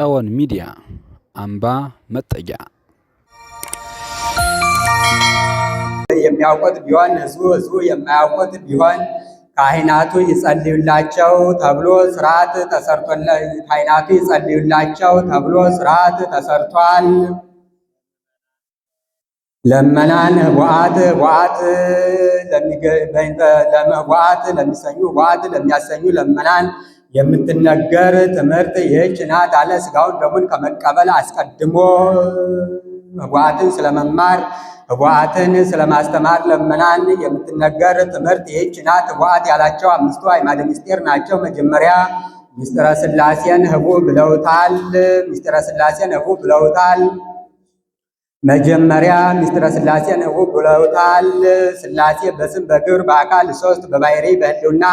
ጸወን ሚዲያ አምባ መጠጊያ የሚያውቁት ቢሆን ህዝቡ ህዝቡ የማያውቁት ቢሆን ካህናቱ ይጸልዩላቸው ተብሎ ስርዓት ተሰርቶለ ካህናቱ ይጸልዩላቸው ተብሎ ስርዓት ተሰርቷል። ለመናን ዋአት ዋአት ለሚሰኙ ዋአት ለሚያሰኙ ለመናን የምትነገር ትምህርት ይህች ናት አለ። ስጋውን ደሙን ከመቀበል አስቀድሞ ኅቡዓትን ስለመማር ኅቡዓትን ስለማስተማር ለመናን የምትነገር ትምህርት ይህች ናት። ኅቡዓት ያላቸው አምስቱ አዕማደ ምስጢር ናቸው። መጀመሪያ ምስጢረ ስላሴን ህቡ ብለውታል። ምስጢረ ስላሴን ህቡ ብለውታል። መጀመሪያ ምስጢረ ሥላሴን እሑድ ብለውታል። ስላሴ በስም በግብር በአካል ሶስት በባይሪ በህልውና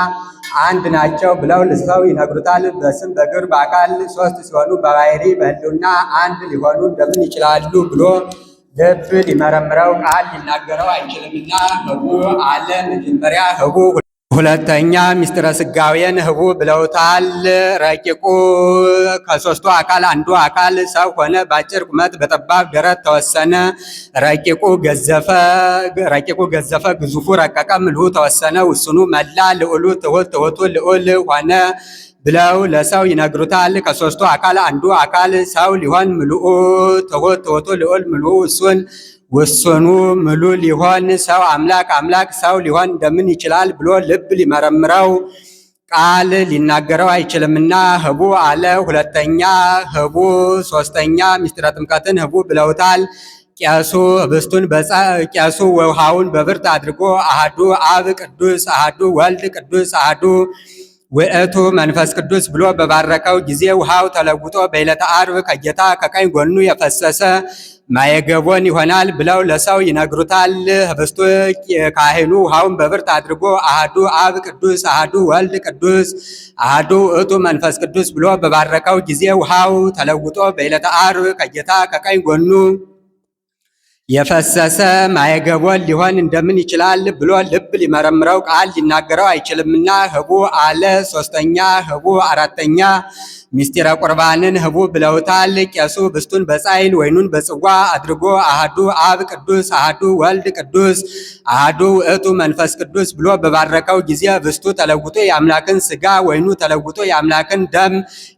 አንድ ናቸው ብለው ሰው ይነግሩታል። በስም በግብር በአካል ሶስት ሲሆኑ በባይሪ በህልውና አንድ ሊሆኑ እንደምን ይችላሉ ብሎ ልብ ሊመረምረው ቃል ሊናገረው አይችልምና። ህቡ አለ። መጀመሪያ ህቡ ሁለተኛ ምስጢረ ስጋዌን ህቡ ብለውታል። ረቂቁ ከሶስቱ አካል አንዱ አካል ሰው ሆነ። በአጭር ቁመት በጠባብ ደረት ተወሰነ። ረቂቁ ገዘፈ ረቂቁ ገዘፈ፣ ግዙፉ ረቀቀ፣ ምልሁ ተወሰነ፣ ውስኑ መላ፣ ልዑሉ ትሑት፣ ትሑቱ ልዑል ሆነ ብለው ለሰው ይነግሩታል። ከሶስቱ አካል አንዱ አካል ሰው ሊሆን ምልኡ ትሑት፣ ትሑቱ ልዑል ምልኡ እሱን። ወሰኑ ምሉ ሊሆን ሰው አምላክ አምላክ ሰው ሊሆን እንደምን ይችላል ብሎ ልብ ሊመረምረው ቃል ሊናገረው አይችልምና ህቡ አለ። ሁለተኛ ህቡ፣ ሶስተኛ ምስጢረ ጥምቀትን ህቡ ብለውታል። ቄሱ ህብስቱን ቄሱ ውሃውን በብርት አድርጎ አህዱ አብ ቅዱስ፣ አህዱ ወልድ ቅዱስ፣ አህዱ ውእቱ መንፈስ ቅዱስ ብሎ በባረከው ጊዜ ውሃው ተለውጦ በዕለተ ዓርብ ከጌታ ከቀኝ ጎኑ የፈሰሰ ማየገቦን ይሆናል ብለው ለሰው ይነግሩታል። ህብስቱ ካህኑ ውሃውን በብርት አድርጎ አህዱ አብ ቅዱስ፣ አህዱ ወልድ ቅዱስ፣ አህዱ ውእቱ መንፈስ ቅዱስ ብሎ በባረከው ጊዜ ውሃው ተለውጦ በዕለተ ዓርብ ከጌታ ከቀኝ ጎኑ የፈሰሰ ማየገቦን ሊሆን እንደምን ይችላል ብሎ ልብ ሊመረምረው ቃል ሊናገረው አይችልምና ህቡ አለ። ሶስተኛ ህቡ አራተኛ ሚስጢረ ቁርባንን ህቡ ብለውታል። ቄሱ ብስቱን በጻይል ወይኑን በጽዋ አድርጎ አህዱ አብ ቅዱስ፣ አህዱ ወልድ ቅዱስ፣ አህዱ ውእቱ መንፈስ ቅዱስ ብሎ በባረከው ጊዜ ብስቱ ተለውጦ የአምላክን ስጋ ወይኑ ተለውጦ የአምላክን ደም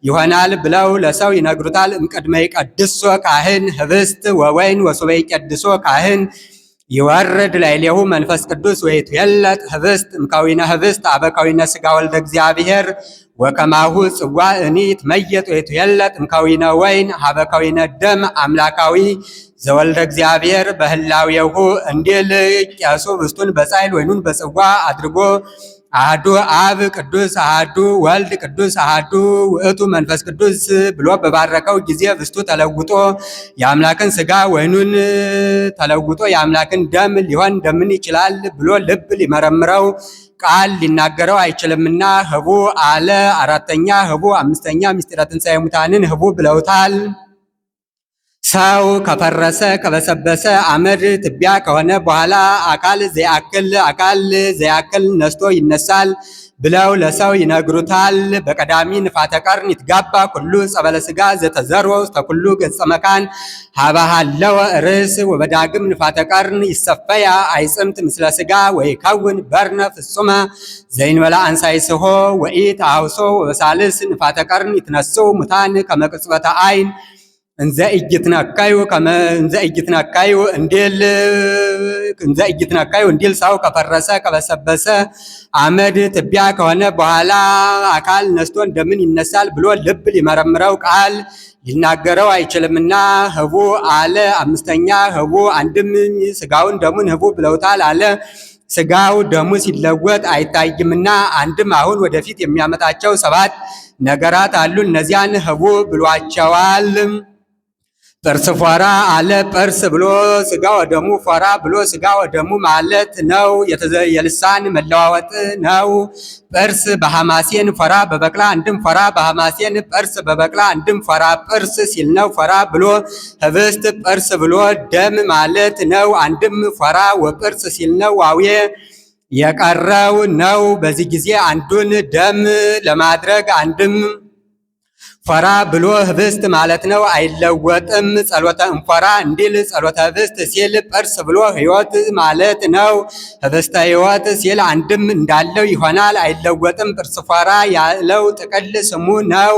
ይሆናል ብለው ለሰው ይነግሩታል። እምቅድመ ይቀድሶ ካህን ህብስት ወወይን ወሱበ ይቀድስ ቀድሶ ካህን ይወርድ ላዕሌሁ መንፈስ ቅዱስ ወይቱ የለጥ ህብስት እምካዊነ ህብስት አበካዊነ ስጋ ወልደ እግዚአብሔር ወከማሁ ጽዋ እኒት መየጥ ወይቱ የለጥ እምካዊነ ወይን ሀበካዊነ ደም አምላካዊ ዘወልደ እግዚአብሔር በህላዌሁ እንዲል ቄሱ ህብስቱን በጻይል ወይኑን በጽዋ አድርጎ አሐዱ አብ ቅዱስ አህዱ ወልድ ቅዱስ አህዱ ውእቱ መንፈስ ቅዱስ ብሎ በባረከው ጊዜ ብስቱ ተለውጦ የአምላክን ስጋ ወይኑን ተለውጦ የአምላክን ደም ሊሆን እንደምን ይችላል ብሎ ልብ ሊመረምረው ቃል ሊናገረው አይችልምና ህቡ አለ። አራተኛ ህቡ፣ አምስተኛ ምስጢረ ትንሣኤ ሙታንን ህቡ ብለውታል። ሰው ከፈረሰ ከበሰበሰ አመድ ትቢያ ከሆነ በኋላ አካል ዘያክል አካል ዘያክል ነስቶ ይነሳል ብለው ለሰው ይነግሩታል። በቀዳሚ ንፋተ ቀርን ይትጋባ ኩሉ ጸበለ ስጋ ዘተዘሮ ውስተ ኩሉ ገጸ መካን ሀባሃለወ ርዕስ ወበዳግም ንፋተ ቀርን ይሰፈያ አይጽምት ምስለ ስጋ ወይ በርነ ፍጹመ ዘይንበላ ስሆ ወኢት አውሶ ወበሳልስ ንፋተ ቀርን ይትነሱ ሙታን ከመቅጽበተ አይን እንዘ ኢይትናካዩ ከመ እንዘ ኢይትናካዩ እንዴል እንዘ ኢይትናካዩ እንዴል ሰው ከፈረሰ ከበሰበሰ አመድ ትቢያ ከሆነ በኋላ አካል ነስቶ እንደምን ይነሳል ብሎ ልብ ሊመረምረው ቃል ሊናገረው አይችልምና ህቡ አለ። አምስተኛ ህቡ አንድም ስጋውን ደሙን ህቡ ብለውታል አለ። ስጋው ደሙ ሲለወጥ አይታይምና አንድም አሁን ወደፊት የሚያመጣቸው ሰባት ነገራት አሉ። እነዚያን ህቡ ብሏቸዋል። ጥርስ ፎራ አለ ጥርስ ብሎ ስጋ ወደሙ ፎራ ብሎ ስጋ ወደሙ ማለት ነው። የልሳን መለዋወጥ ነው። ጥርስ በሐማሴን ፎራ በበቅላ አንድም ፎራ በሐማሴን ጥርስ በበቅላ አንድም ፎራ ጥርስ ሲል ነው። ፎራ ብሎ ህብስት ጥርስ ብሎ ደም ማለት ነው። አንድም ፎራ ወጥርስ ሲል ነው ዋዌ የቀረው ነው። በዚህ ጊዜ አንዱን ደም ለማድረግ አንድም ፎራ ብሎ ህብስት ማለት ነው፣ አይለወጥም። ጸሎተ እንፎራ እንዲል ጸሎተ ህብስት ሲል ጵርስ ብሎ ህይወት ማለት ነው። ህብስተ ህይወት ሲል አንድም እንዳለው ይሆናል፣ አይለወጥም። ጵርስ ፎራ ያለው ጥቅል ስሙ ነው።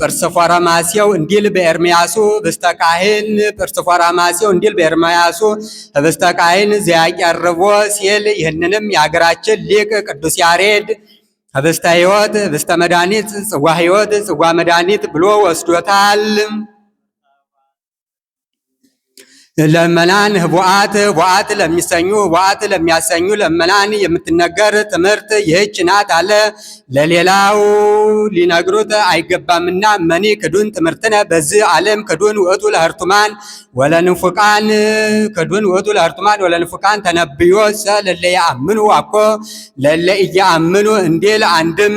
ጵርስ ፎረማሴው እንዲል በኤርምያሱ ህብስተ ካህን፣ ጵርስ ፎረማሴው እንዲል በኤርምያሱ ህብስተ ካህን ዘያቀርቦ ሲል ይህንንም የሀገራችን ሊቅ ቅዱስ ያሬድ ህብስተ ሕይወት ህብስተ መድኃኒት ጽዋ ሕይወት ጽዋ መድኃኒት ብሎ ወስዶታል። ለመናን ቡአት ቡአት ለሚሰኙ ቡአት ለሚያሰኙ ለመናን የምትነገር ትምህርት ይህች ናት አለ። ለሌላው ሊነግሩት አይገባምና መኒ ክዱን ትምህርትነ በዚህ ዓለም ክዱን ውእቱ ለህርቱማን ወለንፉቃን ክዱን ውእቱ ለህርቱማን ወለንፉቃን ተነብዮ ለለየአምኑ አኮ ለለእየአምኑ እንዲል አንድም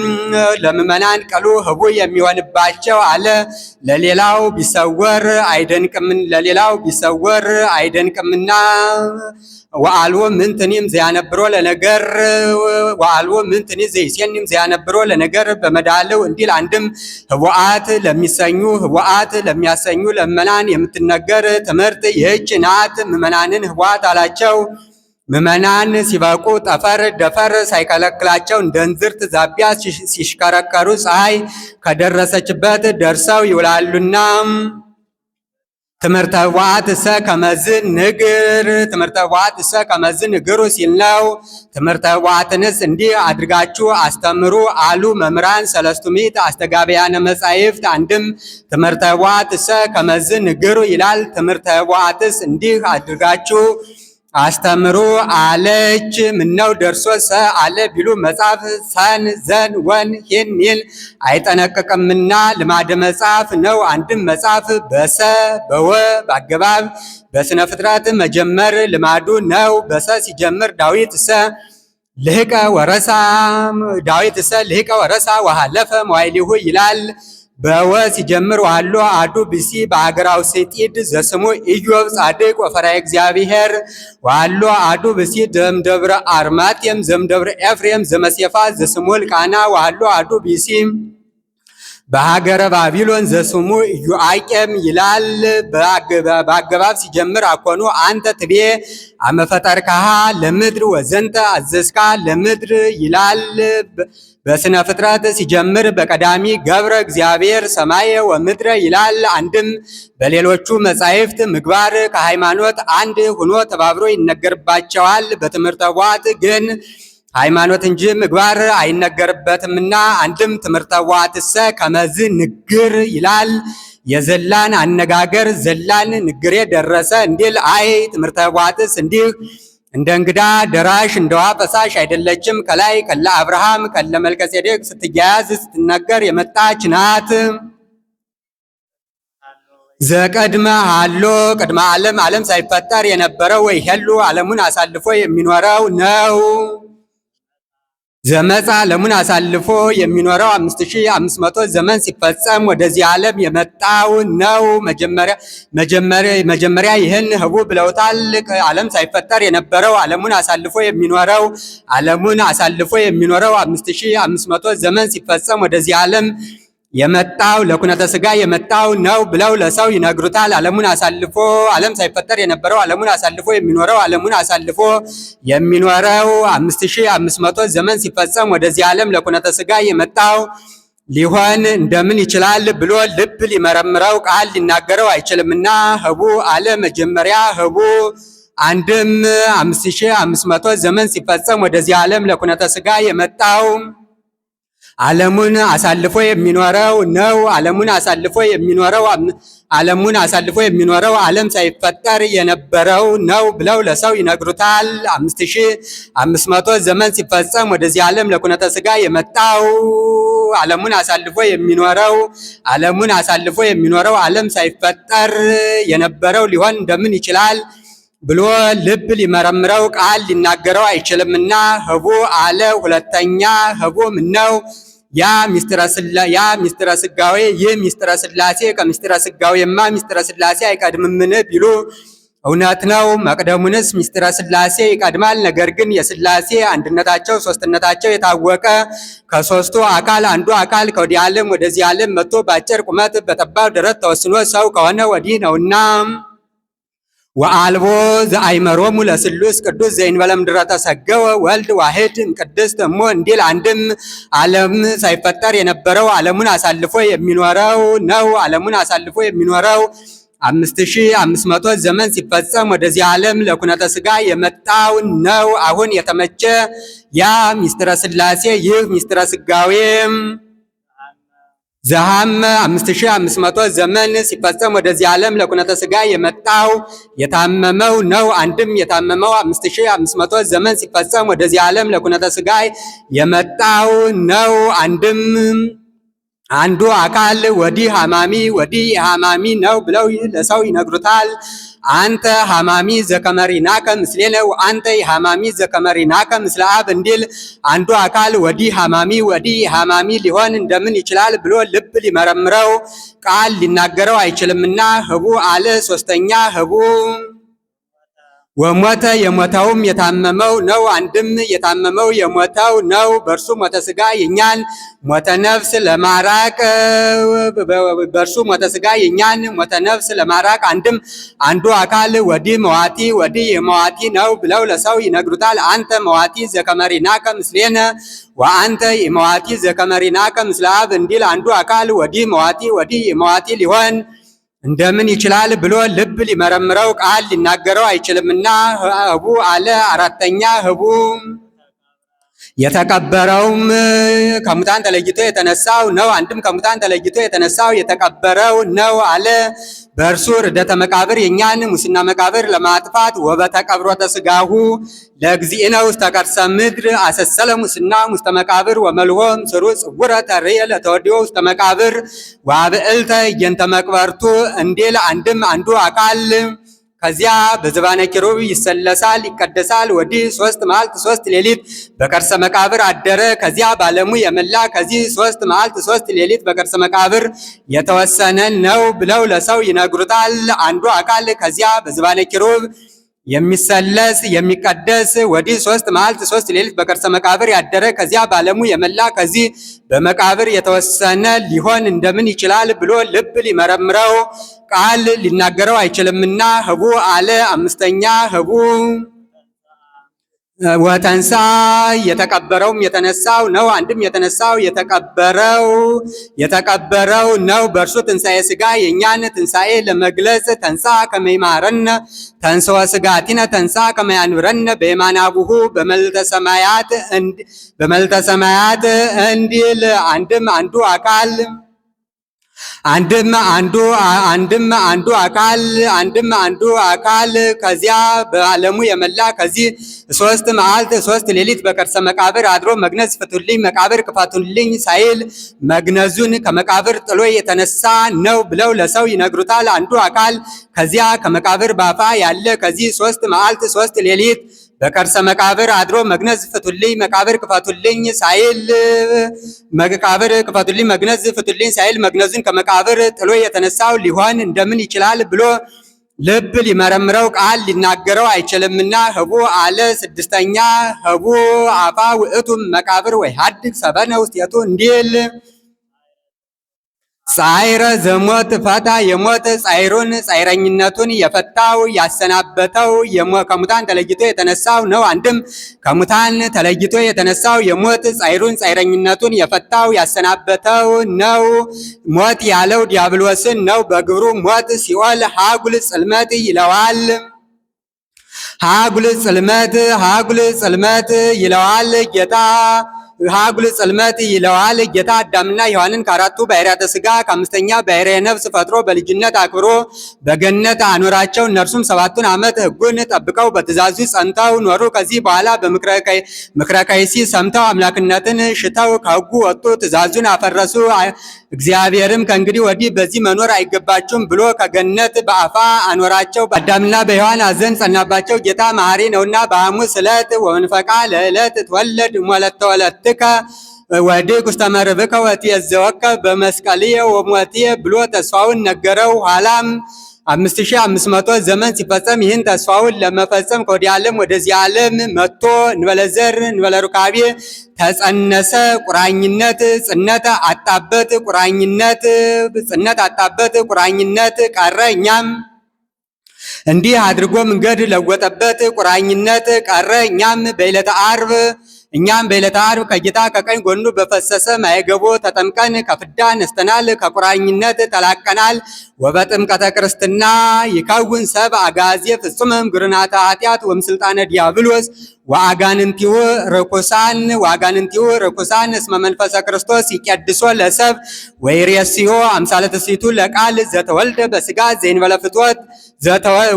ለምእመናን ቀሉ ህቡ የሚሆንባቸው አለ። ለሌላው ቢሰወር አይደንቅምን ለሌላው ቢሰወር ነገር አይደንቅምና ወአልቦ ምንትኒም ዘያነብሮ ለነገር ወአልቦ ምንትኒ ዘይሴኒም ዘያነብሮ ለነገር በመዳለው እንዲል አንድም ህወአት ለሚሰኙ ህወአት ለሚያሰኙ ለመናን የምትነገር ትምህርት ይህች ናት። ምመናንን ህወአት አላቸው። ምመናን ሲበቁ ጠፈር ደፈር ሳይከለክላቸው እንደ እንዝርት ዛቢያ ሲሽከረከሩ ፀሐይ ከደረሰችበት ደርሰው ይውላሉና ትምህርተ ኅቡአት ከመዝ ንግር ትምህርተ ኅቡአት እሰ ከመዝ ንግሩ ሲል ነው። ትምህርተ ዋትንስ እንዲህ አድርጋችሁ አስተምሩ አሉ መምህራን ሰለስቱ ምዕት አስተጋብያነ መጻሕፍት። አንድም ትምህርተ ኅቡአት ከመዝ ንግሩ ይላል። ትምህርተ ዋትስ እንዲህ አድርጋችሁ አስተምሩ አለች ምነው ደርሶ ሰ አለ ቢሉ መጽሐፍ ሰን ዘን ወን ሂን ይል አይጠነቀቅምና ልማደ መጽሐፍ ነው። አንድም መጽሐፍ በሰ በወ በአገባብ በስነ ፍጥረት መጀመር ልማዱ ነው። በሰ ሲጀምር ዳዊት ሰ ልህቀ ወረሳ ዳዊት ሰ ልህቀ ወረሳ ወሃለፈ መዋይሊሁ ይላል። በወ ሲጀምር ዋሎ አዱ ብሲ በአገራው ስጢድ ዘስሙ ኢዮብ ጻድቅ ወፈራ እግዚአብሔር ዋሎ አዱ ብሲ ዘምደብረ አርማቴም ዘምደብረ ኤፍሬም ዘመሴፋ ዘስሙ ልቃና ዋሎ አዱ ብሲ በሀገረ ባቢሎን ዘስሙ ዩአቄም ይላል። በአገባብ ሲጀምር አኮኑ አንተ ትቤ አመፈጠርካሃ ለምድር ወዘንተ አዘዝካ ለምድር ይላል። በስነ ፍጥረት ሲጀምር በቀዳሚ ገብረ እግዚአብሔር ሰማየ ወምድረ ይላል። አንድም በሌሎቹ መጻሕፍት ምግባር ከሃይማኖት አንድ ሆኖ ተባብሮ ይነገርባቸዋል። በትምህርተ ኅቡዓት ግን ሃይማኖት እንጂ ምግባር አይነገርበትምና አንድም ትምህርተ ዋትሰ ከመዝ ንግር ይላል የዘላን አነጋገር ዘላን ንግሬ ደረሰ እንዲል አይ ትምህርተ ዋጥስ እንዲህ እንደ እንግዳ ደራሽ እንደዋ ፈሳሽ አይደለችም። ከላይ ከለ አብርሃም ከለ መልከጼዴቅ ስትያያዝ ስትነገር የመጣች ናት። ዘቀድመ አሎ ቅድመ ዓለም ዓለም ሳይፈጠር የነበረው ወይ ሄሉ ዓለሙን አሳልፎ የሚኖረው ነው። ዘመፃ ዓለሙን አሳልፎ የሚኖረው 5500 ዘመን ሲፈጸም ወደዚህ ዓለም የመጣው ነው። መጀመሪያ ይህን ህቡ ብለውታል። ዓለም ሳይፈጠር የነበረው ዓለሙን አሳልፎ የሚኖረው ዓለሙን አሳልፎ የሚኖረው 5500 ዘመን ሲፈጸም ወደዚህ ዓለም የመጣው ለኩነተ ስጋ የመጣው ነው ብለው ለሰው ይነግሩታል። ዓለሙን አሳልፎ ዓለም ሳይፈጠር የነበረው ዓለሙን አሳልፎ የሚኖረው ዓለሙን አሳልፎ የሚኖረው አምስት ሺህ አምስት መቶ ዘመን ሲፈጸም ወደዚህ ዓለም ለኩነተ ስጋ የመጣው ሊሆን እንደምን ይችላል ብሎ ልብ ሊመረምረው ቃል ሊናገረው አይችልምና ህቡ አለ መጀመሪያ ህቡ አንድም አምስት ሺህ አምስት መቶ ዘመን ሲፈጸም ወደዚህ ዓለም ለኩነተ ስጋ የመጣው ዓለሙን አሳልፎ የሚኖረው ነው። ዓለሙን አሳልፎ የሚኖረው ዓለሙን አሳልፎ የሚኖረው ዓለም ሳይፈጠር የነበረው ነው ብለው ለሰው ይነግሩታል። አምስት ሺህ አምስት መቶ ዘመን ሲፈጸም ወደዚህ ዓለም ለኩነተ ሥጋ የመጣው ዓለሙን አሳልፎ የሚኖረው ዓለሙን አሳልፎ የሚኖረው ዓለም ሳይፈጠር የነበረው ሊሆን እንደምን ይችላል ብሎ ልብ ሊመረምረው ቃል ሊናገረው አይችልምና። ህቡ አለ ሁለተኛ ህቡ ምነው ያ ሚስጥረ ስላ ያ ሚስጥረ ስጋዌ ይህ ሚስጥረ ስላሴ ከሚስጥረ ስጋዌማ ሚስጥረ ስላሴ አይቀድምምን ቢሉ እውነት ነው። መቅደሙንስ ሚስጥረ ስላሴ ይቀድማል። ነገር ግን የስላሴ አንድነታቸው ሶስትነታቸው የታወቀ ከሶስቱ አካል አንዱ አካል ከወዲህ ዓለም ወደዚህ ዓለም መጥቶ በአጭር ቁመት በጠባብ ደረት ተወስኖ ሰው ከሆነ ወዲህ ነውና ወአልቦ ዘአይመሮሙ ለስሉስ ቅዱስ ዘእንበለ ምድረ ተሰገወ ወልድ ዋሕድ እምቅድስ እሞ እንዲል አንድም ዓለም ሳይፈጠር የነበረው ዓለሙን አሳልፎ የሚኖረው ነው። ዓለሙን አሳልፎ የሚኖረው አምስት ሺህ አምስት መቶ ዘመን ሲፈጸም ወደዚህ ዓለም ለኩነተ ሥጋ የመጣው ነው። አሁን የተመቸ ያ ሚስጥረ ሥላሴ ይህ ሚስጥረ ሥጋዌም ዘሐመ 5500 ዘመን ሲፈጸም ወደዚህ ዓለም ለኩነተ ስጋ የመጣው የታመመው ነው። አንድም የታመመው 5500 ዘመን ሲፈጸም ወደዚህ ዓለም ለኩነተ ስጋ የመጣው ነው። አንድም አንዱ አካል ወዲህ ሐማሚ ወዲህ ሃማሚ ነው ብለው ለሰው ይነግሩታል። አንተ ሐማሚ ዘከመሪናከ ምስሌነ አንተ ዘከመሪ ናከ ምስለ አብ እንዲል አንዱ አካል ወዲህ ሐማሚ ወዲህ ሃማሚ ሊሆን እንደምን ይችላል ብሎ ልብ ሊመረምረው ቃል ሊናገረው አይችልምና ህቡ አለ ሶስተኛ ህቡ ወሞተ የሞተውም የታመመው ነው። አንድም የታመመው የሞተው ነው። በእርሱ ሞተ ስጋ የኛን ሞተ ነፍስ ለማራቅ በእርሱ ሞተ ስጋ የኛን ሞተ ነፍስ ለማራቅ አንድም አንዱ አካል ወዲ መዋቲ ወዲ የመዋቲ ነው ብለው ለሰው ይነግሩታል። አንተ መዋቲ ዘከመሪናከ ምስሌነ ወአንተ የመዋቲ ዘከመሪናከ ምስለ አብ እንዲል አንዱ አካል ወዲ መዋቲ ወዲ የመዋቲ ሊሆን እንደምን ይችላል ብሎ ልብ ሊመረምረው ቃል ሊናገረው አይችልምና። ህቡ አለ አራተኛ ህቡ የተቀበረውም ከሙታን ተለይቶ የተነሳው ነው። አንድም ከሙታን ተለይቶ የተነሳው የተቀበረው ነው አለ። በእርሱ ርደተ መቃብር የእኛን ሙስና መቃብር ለማጥፋት ወበተቀብሮተ ስጋሁ ለእግዚእነ ውስተ ከርሰ ምድር አሰሰለ ሙስና ውስተ መቃብር ወመልሆም ስሩ ጽውረ ተርየ ለተወዲዮ ውስተ መቃብር ዋብዕልተ እየንተ መቅበርቱ እንዴል አንድም አንዱ አካል ከዚያ በዝባነ ኪሩብ ይሰለሳል፣ ይቀደሳል። ወዲህ ሶስት መዓልት ሶስት ሌሊት በከርሰ መቃብር አደረ። ከዚያ ባለሙ የመላ ከዚህ ሶስት መዓልት ሶስት ሌሊት በከርሰ መቃብር የተወሰነ ነው ብለው ለሰው ይነግሩታል። አንዱ አካል ከዚያ በዝባነ ኪሩብ የሚሰለስ የሚቀደስ ወዲህ ሶስት መዓልት ሶስት ሌሊት በከርሰ መቃብር ያደረ ከዚያ ባለሙ የመላ ከዚህ በመቃብር የተወሰነ ሊሆን እንደምን ይችላል ብሎ ልብ ሊመረምረው ቃል ሊናገረው አይችልምና ህቡ አለ። አምስተኛ ህቡ ወተንሳ የተቀበረውም የተነሳው ነው። አንድም የተነሳው የተቀበረው የተቀበረው ነው። በእርሱ ትንሣኤ ስጋ የእኛን ትንሣኤ ለመግለጽ ተንሳ ከመይማረነ ስጋ ሥጋቲነ ተንሳ ከመያኑረነ በየማናቡሁ በመልተሰማያት እንዲል አንድም አንዱ አካል አንድም አንዱ አንድም አንዱ አካል አንድም አንዱ አካል ከዚያ በዓለሙ የመላ ከዚህ ሶስት መዓልት ሶስት ሌሊት በከርሰ መቃብር አድሮ መግነዝ ፍቱልኝ መቃብር ክፈቱልኝ ሳይል መግነዙን ከመቃብር ጥሎ የተነሳ ነው ብለው ለሰው ይነግሩታል። አንዱ አካል ከዚያ ከመቃብር ባፋ ያለ ከዚህ ሶስት መዓልት ሶስት ሌሊት በከርሰ መቃብር አድሮ መግነዝ ፍቱልኝ መቃብር ክፈቱልኝ ሳይል መቃብር ክፈቱልኝ መግነዝ ፍቱልኝ ሳይል መግነዙን ከመቃብር ጥሎ የተነሳው ሊሆን እንደምን ይችላል ብሎ ልብ ሊመረምረው ቃል ሊናገረው አይችልምና ህቡ አለ ስድስተኛ ህቡ አፋ ውእቱም መቃብር ወይ ሀድግ ሰበነ ውስጤቱ እንዲል ጻይረ ዘሞት ፈታ የሞት ጻይሩን ጻይረኝነቱን የፈታው ያሰናበተው ከሙታን ተለይቶ የተነሳው ነው። አንድም ከሙታን ተለይቶ የተነሳው የሞት ጻይሩን ጻይረኝነቱን የፈታው ያሰናበተው ነው። ሞት ያለው ዲያብሎስን ነው። በግብሩ ሞት ሲኦል ሀጉል ጽልመት ይለዋል። ሀጉል ጽልመት ሀጉል ጽልመት ይለዋል ጌታ ሀጉል ጽልመት ይለዋል። ጌታ አዳምና ሔዋንን ከአራቱ ባህሪያተ ስጋ ከአምስተኛ ባህሪያ ነፍስ ፈጥሮ በልጅነት አክብሮ በገነት አኖራቸው። እነርሱም ሰባቱን ዓመት ሕጉን ጠብቀው በትእዛዙ ጸንተው ኖሩ። ከዚህ በኋላ በምክረ ከይሲ ሰምተው አምላክነትን ሽተው ከሕጉ ወጡ፣ ትእዛዙን አፈረሱ። እግዚአብሔርም ከእንግዲህ ወዲህ በዚህ መኖር አይገባችሁም ብሎ ከገነት በአፋ አኖራቸው። በአዳምና በሔዋን አዘን ጸናባቸው። ጌታ መሐሪ ነውና በሐሙስ ዕለት ወመንፈቃ ለዕለት ትወለድ ሞለተ ወለተ ተፈትከ ወዲህ ውስተ መርብከ ወትዔዘወከ በመስቀልየ ወሞትየ ብሎ ተስፋውን ነገረው። ኋላም 5500 ዘመን ሲፈጸም ይህን ተስፋውን ለመፈጸም ከወዲህ ዓለም ወደዚህ ዓለም መጥቶ እንበለዘር እንበለሩካቤ ተጸነሰ። ቁራኝነት ጽነተ አጣበት ቁራኝነት ጽነት አጣበት ቁራኝነት ቀረ። እኛም እንዲህ አድርጎ መንገድ ለወጠበት ቁራኝነት ቀረ። እኛም በዕለተ ዓርብ እኛም በዕለተ ዓርብ ከጌታ ከቀኝ ጎኑ በፈሰሰ ማይገቦ ተጠምቀን ከፍዳ ነስተናል፣ ከቁራኝነት ተላቀናል። ወበጥምቀተ ክርስትና ይከውን ሰብ አጋዜ ፍጹምም ግርናተ ኃጢአት ወምስልጣነ ዲያብሎስ ወአጋንንቲው ርኩሳን ወአጋንንቲው ርኩሳን እስመ መንፈሰ ክርስቶስ ይቀድሶ ለሰብ ወይሬስዮ አምሳለ ትስብእቱ ለቃል ዘተወልደ በስጋ ዘእንበለ ፍትወት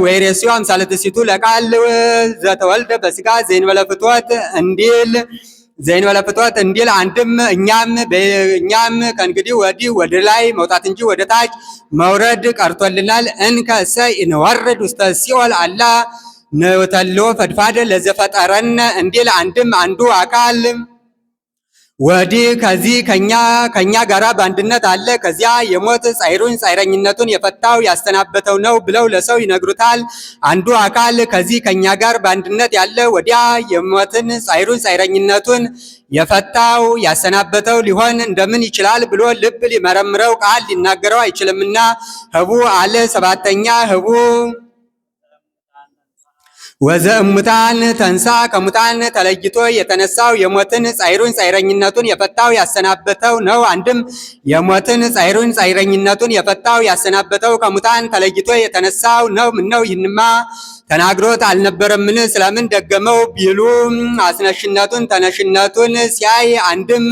ወይሬስዮ አምሳለ ትስብእቱ ለቃል ዘተወልደ በስጋ ዘእንበለ ፍትወት እንዲል ዘይን በለፍቶት እንዲል አንድም እኛም በእኛም ከእንግዲህ ወዲህ ወደ ላይ መውጣት እንጂ ወደ ታች መውረድ ቀርቶልናል። እንከ እሰይ እንወርድ ውስተ ሲኦል አላ ነተሎ ፈድፋደ ለዘፈጠረነ እንዲል አንድም አንዱ አካል ወዲህ ከዚህ ከኛ ከኛ ጋራ በአንድነት አለ። ከዚያ የሞት ጻይሩን ጻይረኝነቱን የፈታው ያስተናበተው ነው ብለው ለሰው ይነግሩታል። አንዱ አካል ከዚህ ከኛ ጋር በአንድነት ያለ ወዲያ የሞትን ጻይሩን ጻይረኝነቱን የፈታው ያሰናበተው ሊሆን እንደምን ይችላል ብሎ ልብ ሊመረምረው ቃል ሊናገረው አይችልምና ህቡ አለ። ሰባተኛ ህቡ ወዘእሙታን ተንሳ ከሙታን ተለይቶ የተነሳው የሞትን ጻይሩን ጻይረኝነቱን የፈታው ያሰናበተው ነው። አንድም የሞትን ጻይሩን ጻይረኝነቱን የፈታው ያሰናበተው ከሙታን ተለይቶ የተነሳው ነው። ምነው ይህንማ ተናግሮት አልነበረምን? ስለምን ደገመው ቢሉ አስነሽነቱን ተነሽነቱን ሲያይ አንድም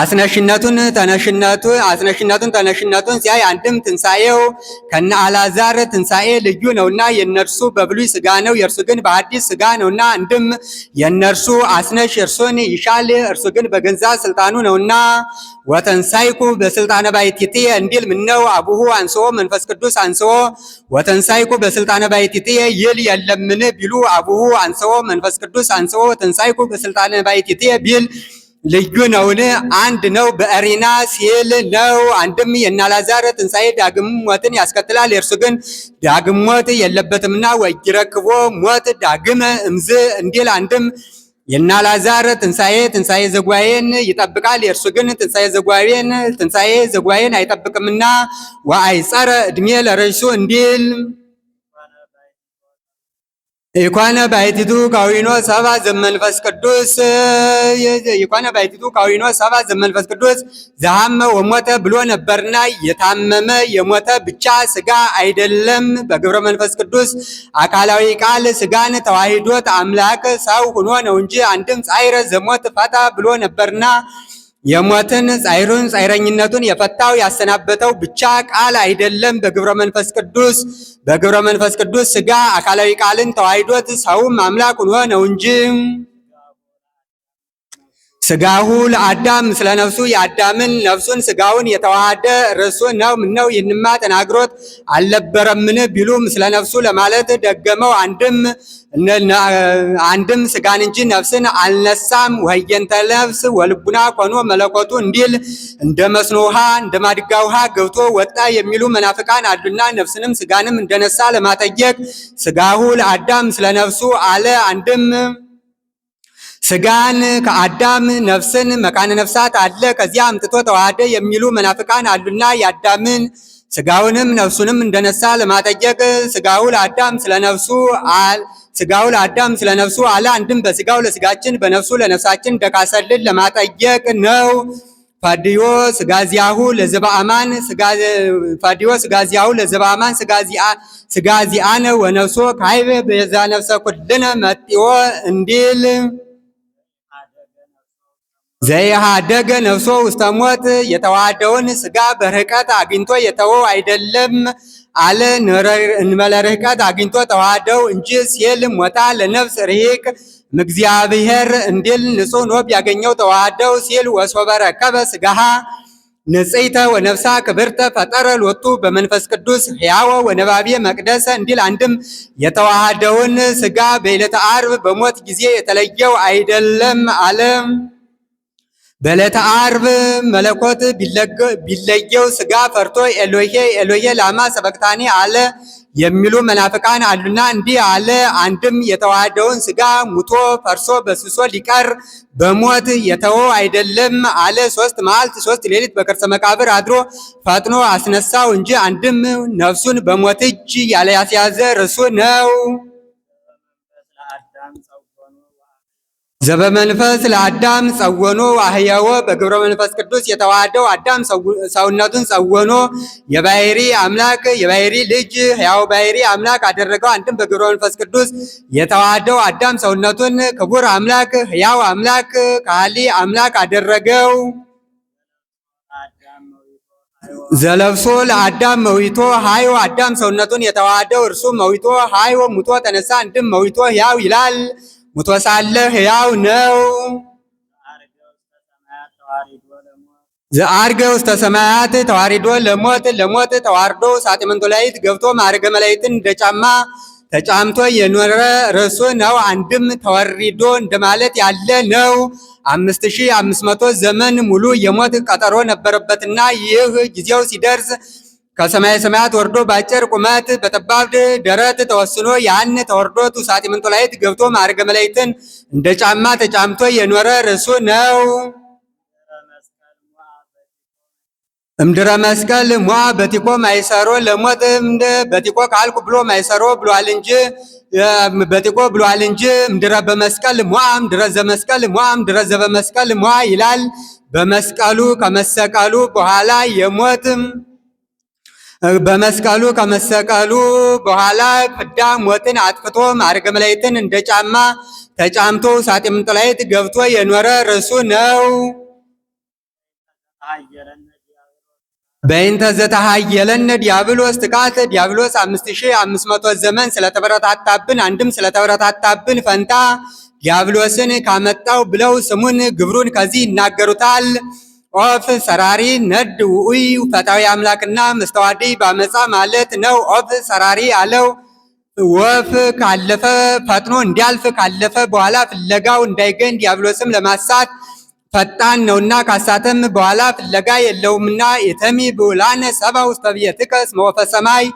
አስነሽነቱን ተነሽነቱ አስነሽነቱን ተነሽነቱን ሲያይ አንድም ትንሣኤው ከነ አላዛር ትንሣኤ ልዩ ነውና የነርሱ በብሉይ ስጋ ነው፣ የእርሱ ግን በአዲስ ስጋ ነውና አንድም የነርሱ አስነሽ እርሱን ይሻል፣ እርሱ ግን በገንዛ ስልጣኑ ነውና ወተንሳይኩ በስልጣነ ባይቲትየ እንዲል ነው አቡሁ አንስኦ መንፈስ ቅዱስ አንስኦ ወተንሳይኩ በስልጣነ ባይቲቲ ይል የለምን ቢሉ አቡሁ አንስኦ መንፈስ ቅዱስ አንስኦ ወተንሳይኩ በስልጣነ ባይቲቲ ቢል ልዩ ነውን? አንድ ነው። በእሪና ሲል ነው። አንድም የናላዛር ትንሣኤ ዳግም ሞትን ያስከትላል። እርሱ ግን ዳግም ሞት የለበትምና ወይረክቦ ሞት ዳግመ እምዝ እንዲል አንድም የናላዛር ትንሣኤ ትንሣኤ ዘጓዬን ይጠብቃል። እርሱ ግን ትንሣኤ ዘጓዬን ትንሣኤ ዘጓዬን አይጠብቅምና ወአይጸረ እድሜ ለረሱ እንዲል ይኳነ ባይቲቱ ካዊኖ ሰባ ዘመንፈስ ቅዱስ ይኳነ ባይቲቱ ካዊኖ ሰባ ዘመንፈስ ቅዱስ ዘሐመ ወሞተ ብሎ ነበርና የታመመ የሞተ ብቻ ስጋ አይደለም። በግብረ መንፈስ ቅዱስ አካላዊ ቃል ስጋን ተዋሂዶት አምላክ ሰው ሆኖ ነው እንጂ አንድም ጻይረ ዘሞት ፈታ ብሎ ነበርና የሞትን ጻይሩን ጻይረኝነቱን የፈታው ያሰናበተው ብቻ ቃል አይደለም። በግብረ መንፈስ ቅዱስ በግብረ መንፈስ ቅዱስ ስጋ አካላዊ ቃልን ተዋህዶት ሰውም አምላክ ሆኖ ነው እንጂ ስጋሁ ለአዳም ስለ ነፍሱ የአዳምን ነፍሱን ስጋውን የተዋሃደ ርሱ ነው። ምነው ይህንማ ተናግሮት አልነበረምን ቢሉም ስለ ነፍሱ ለማለት ደገመው። አንድም ስጋን እንጂ ነፍስን አልነሳም። ወየንተ ነፍስ ወልቡና ኮኖ መለኮቱ እንዲል እንደ መስኖ ውሃ እንደ ማድጋ ውሃ ገብቶ ወጣ የሚሉ መናፍቃን አሉና ነፍስንም ስጋንም እንደነሳ ለማጠየቅ ስጋሁ ለአዳም ስለ ነፍሱ አለ አንድም ስጋን ከአዳም ነፍስን መካነ ነፍሳት አለ ከዚያ አምጥቶ ተዋህደ የሚሉ መናፍቃን አሉና የአዳምን ስጋውንም ነፍሱንም እንደነሳ ለማጠየቅ ስጋው ለአዳም ስለ ነፍሱ ስጋው ለአዳም ስለ ነፍሱ አለ አንድም በስጋው ለስጋችን በነፍሱ ለነፍሳችን ደካሰልን ለማጠየቅ ነው። ፋዲዮ ስጋዚያሁ ለዘባአማን ፋዲዮ ስጋዚያሁ ለዘባአማን ስጋዚአነ ወነፍሶ ካይበ በዛ ነፍሰ ኩልነ መጥዮ እንዲል ዘይሃደገ ነፍሶ ውስተ ሞት የተዋሃደውን ስጋ በርህቀት አግኝቶ የተወው አይደለም አለ ርህቀት አግኝቶ ተዋህደው እንጂ ሲል ሞታ ለነፍስ ርሂቅ እምእግዚአብሔር እንዲል ንጹህ ኖብ ያገኘው ተዋህደው ሲል ወሶበ ረከበ ስጋሃ ንጽይተ ወነፍሳ ክብርተ ፈጠረ ሎቱ በመንፈስ ቅዱስ ሕያወ ወነባቤ መቅደሰ እንዲል አንድም የተዋሃደውን ስጋ በዕለተ ዓርብ በሞት ጊዜ የተለየው አይደለም አለ። በዕለተ ዓርብ መለኮት ቢለየው ስጋ ፈርቶ ኤሎሄ ኤሎሄ ላማ ሰበቅታኒ አለ የሚሉ መናፍቃን አሉና እንዲህ አለ። አንድም የተዋሃደውን ስጋ ሙቶ ፈርሶ በስሶ ሊቀር በሞት የተወ አይደለም አለ። ሶስት መዓልት ሶስት ሌሊት በከርሰ መቃብር አድሮ ፈጥኖ አስነሳው እንጂ አንድም ነፍሱን በሞት እጅ ያለ ያስያዘ እርሱ ነው። ዘበመንፈስ ለአዳም ጸወኖ አህያወ በግብረ መንፈስ ቅዱስ የተዋሃደው አዳም ሰውነቱን ጸወኖ የባህሪ አምላክ የባይሪ ልጅ ሕያው ባሕሪ አምላክ አደረገው። አንድም በግብረ መንፈስ ቅዱስ የተዋሃደው አዳም ሰውነቱን ክቡር አምላክ ሕያው አምላክ ካሊ አምላክ አደረገው። ዘለብሶ ለአዳም መዊቶ ሀይዎ አዳም ሰውነቱን የተዋሃደው እርሱ መዊቶ ሀይዎ ሙቶ ተነሳ። አንድም መዊቶ ሕያው ይላል ሙቶ ሳለ ሕያው ነው ዘአርገ ውስተ ሰማያት ተዋሪዶ ለሞት ለሞት ተዋርዶ ሳጤመንቶ ላይት ገብቶ ማዕረገ መላእክትን እንደ ጫማ ተጫምቶ የኖረ ርሱ ነው። አንድም ተወሪዶ እንደማለት ያለ ነው። አምስት ሺህ አምስት መቶ ዘመን ሙሉ የሞት ቀጠሮ ነበረበትና ይህ ጊዜው ሲደርስ ከሰማይ ሰማያት ወርዶ በአጭር ቁመት በጠባብ ደረት ተወስኖ ያን ተወርዶ ቱሳት ምንቶ ላይ ገብቶ ማዕርገ መላእክትን እንደ ጫማ ተጫምቶ የኖረ እርሱ ነው። እምድረ መስቀል ሟ በቲኮ ማይሰሮ ለሞት እምድ በቲኮ ካልኩ ብሎ ማይሰሮ ብሏል እንጂ በቲኮ ብሏል እንጂ እምድረ በመስቀል ሟ እምድረ ዘመስቀል ሟ እምድረ ዘበመስቀል ሟ ይላል። በመስቀሉ ከመሰቀሉ በኋላ የሞትም በመስቀሉ ከመሰቀሉ በኋላ ፍዳ ሞትን አጥፍቶ ማርገም ላይትን እንደ ጫማ ተጫምቶ እሳተ ጥላይት ገብቶ የኖረ እርሱ ነው። በእንተ ዘተሃየለን ዲያብሎስ ጥቃት ዲያብሎስ 5500 ዘመን ስለተበረታታብን አንድም ስለተበረታታብን ፈንታ ዲያብሎስን ካመጣው ብለው ስሙን ግብሩን ከዚህ ይናገሩታል። ኦፍ ሰራሪ ነድ ውኡይ ፈታዊ አምላክና መስተዋዲ ባመፃ ማለት ነው። ኦፍ ሰራሪ አለው ወፍ ካለፈ ፈጥኖ እንዲያልፍ ካለፈ በኋላ ፍለጋው እንዳይገኝ ዲያብሎስም ለማሳት ፈጣን ነውና ካሳተም በኋላ ፍለጋ የለውምና የተሚ ብላነ ሰባ ውስተ ቤትከ መወፈ ሰማይ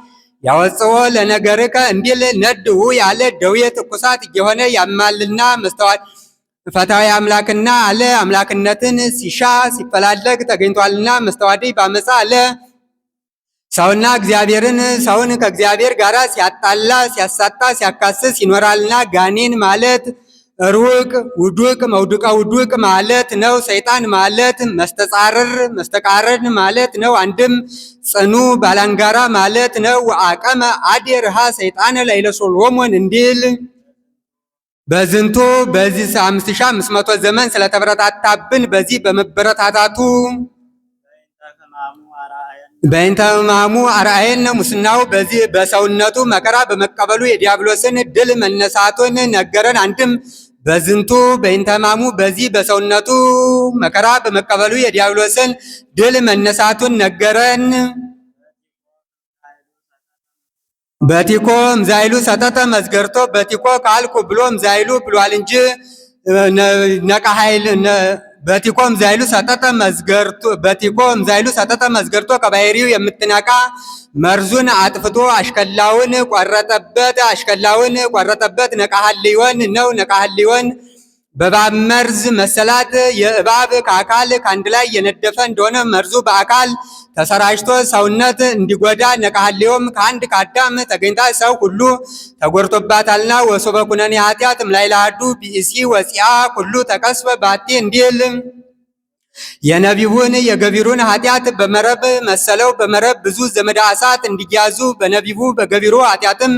ያወጽኦ ለነገርከ እንዲል ነድው ያለ ደዌ ትኩሳት እየሆነ ያማልና መስተዋድ ፈታዊ አምላክና አለ አምላክነትን ሲሻ ሲፈላለግ ተገኝቷልና መስተዋድይ ባመፃ አለ ሰውና እግዚአብሔርን ሰውን ከእግዚአብሔር ጋር ሲያጣላ ሲያሳጣ ሲያካስስ ይኖራልና ጋኔን ማለት ሩቅ ውዱቅ መውድቀ ውዱቅ ማለት ነው። ሰይጣን ማለት መስተጻርር መስተቃረን ማለት ነው። አንድም ጽኑ ባላንጋራ ማለት ነው። አቀመ አዴርሃ ሰይጣን ላዕለ እንዲል በዝንቱ በዚህ 5500 ዘመን ስለተበረታታብን በዚህ በመበረታታቱ በይንተ ሕማሙ አርአየነ ሙስናው በዚህ በሰውነቱ መከራ በመቀበሉ የዲያብሎስን ድል መነሳቱን ነገረን። አንድም በዝንቱ በይንተ ሕማሙ በዚህ በሰውነቱ መከራ በመቀበሉ የዲያብሎስን ድል መነሳቱን ነገረን። በቲኮ ዛይሉ ሰተተ መዝገርቶ በቲኮ ካልኩ ብሎ ዛይሉ ብሏል እንጂ ነቃ ኃይል በቲኮ ዛይሉ ሰተተ መዝገርቶ በቲኮ ዛይሉ ሰተተ መዝገርቶ ከባህሪው የምትነቃ መርዙን አጥፍቶ አሽከላውን ቆረጠበት አሽከላውን ቆረጠበት ነቃ ኃሊዮን ነው ነቃ ኃሊዮን በእባብ መርዝ መሰላት የእባብ ከአካል ከአንድ ላይ የነደፈ እንደሆነ መርዙ በአካል ተሰራጭቶ ሰውነት እንዲጎዳ ነቃሃሌዮም ከአንድ ከአዳም ተገኝታ ሰው ሁሉ ተጎድቶባታልና ወሶበ ኩነኔ ላይ ላዱ ቢእሲ ወፂአ ሁሉ ተቀስበ ባቲ እንዲል የነቢቡን የገቢሩን ኃጢአት በመረብ መሰለው። በመረብ ብዙ ዘመድ አሳት እንዲያዙ በነቢቡ በገቢሩ ኃጢአትም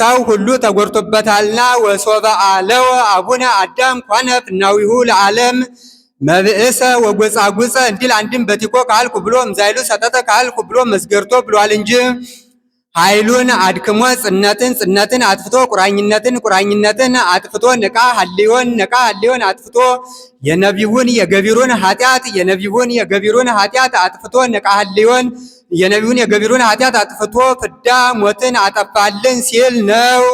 ሰው ሁሉ ተጎድቶበታልና። ወሶበ አለው አቡነ አዳም ኳነ ፍናዊሁ ለዓለም መብእሰ ወጎጻጉፀ እንዲል አንድም በቲኮ ካልኩ ብሎ እምዛይሉ ሰጠተ ካልኩ ብሎ መስገርቶ ብሏል እንጂ ኃይሉን አድክሞ ጽነትን ጽነትን አጥፍቶ ቁራኝነትን ቁራኝነትን አጥፍቶ ንቃ ሀልዮን ንቃ ሀልዮን አጥፍቶ የነቢውን የገቢሩን ኃጢአት የነቢውን የገቢሩን ኃጢአት አጥፍቶ ንቃ ሀልዮን የነቢውን የገቢሩን ኃጢአት አጥፍቶ ፍዳ ሞትን አጠፋልን ሲል ነው።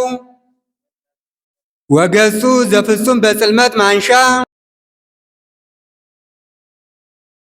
ወገጹ ዘፍጹም በጽልመት ማንሻ